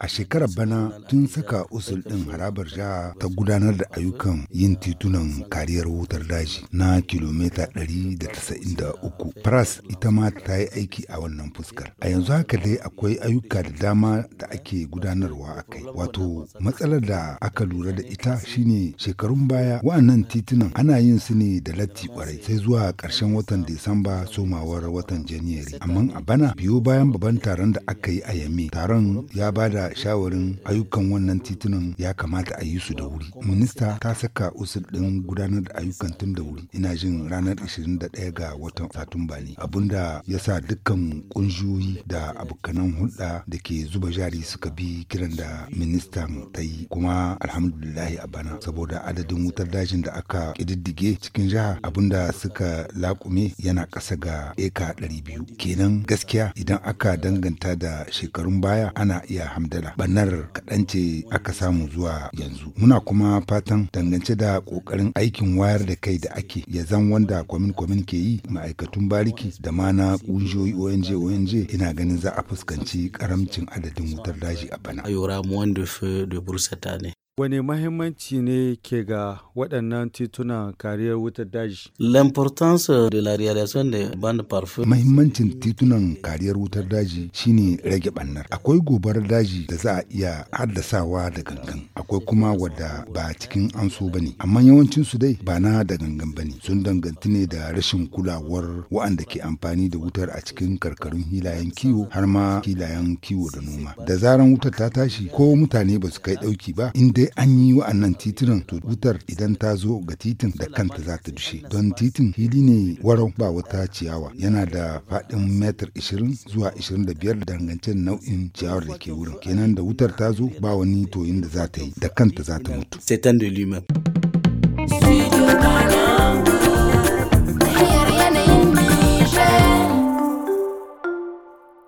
A shekarar bana tun saka usul ɗin harabar jiha ta gudanar da ayyukan yin titunan kariyar wutar daji na kilomita 193. Pras ita ma ta yi aiki a wannan fuskar. A yanzu haka dai akwai ayyuka da dama da ake gudanarwa a kai. Wato matsalar da aka lura da ita shine shekarun baya wa'annan titunan ana yin su ne da latti kwarai sai zuwa ƙarshen watan Disamba somawar watan Janairu. Amma a bana biyo bayan babban taron da aka aka yi a Yame. Taron ya ba da shawarin ayyukan wannan titunan ya kamata a yi su da wuri. Minista ta saka usul ɗin gudanar da ayyukan tun da wuri. Ina jin ranar 21 ga watan Satumba ne. da ya sa dukkan kunjuyi da abokanan hulɗa da ke zuba jari suka bi kiran da ministan ta yi kuma alhamdulillahi a bana saboda adadin wutar dajin da aka ƙididdige cikin jiha da suka laƙume yana ƙasa ga eka 200 kenan gaskiya idan aka danganta da a shekarun baya ana iya hamdala banar kaɗan ce aka samu zuwa yanzu muna kuma fatan dangance da ƙoƙarin aikin wayar da kai da ake ya zan wanda kwamin kwamin ke yi ma'aikatun bariki da ma na ƙungiyoyi ong ong ina ganin za a fuskanci karamcin adadin wutar daji a bana. ne. Wani mahimmanci ne ke ga waɗannan titunan kariyar wutar daji? L'importance de la réalisation de bande parfum. Mahimmancin titunan kariyar wutar daji shine rage bannar. Akwai gobar daji da za a iya haddasawa da gangan. Akwai kuma wadda ba cikin an so bane. Amma yawancin su dai ba na da gangan bane. Sun danganta ne da rashin kulawar waɗanda ke amfani da wutar a cikin karkarun hilayen kiwo har ma hilayen kiwo da noma. Da zaran wutar ta tashi ko mutane ba su kai ɗauki ba inda sai an yi wa'annan titunan to wutar idan ta zo ga titin da kanta za ta dushe don titin hili ne warau ba wata ciyawa yana da faɗin metar 20 zuwa 25 dangance nau'in ciyawar da ke wurin kenan da wutar ta zo ba wani toyin da za ta yi da kanta za ta mutu. Satan da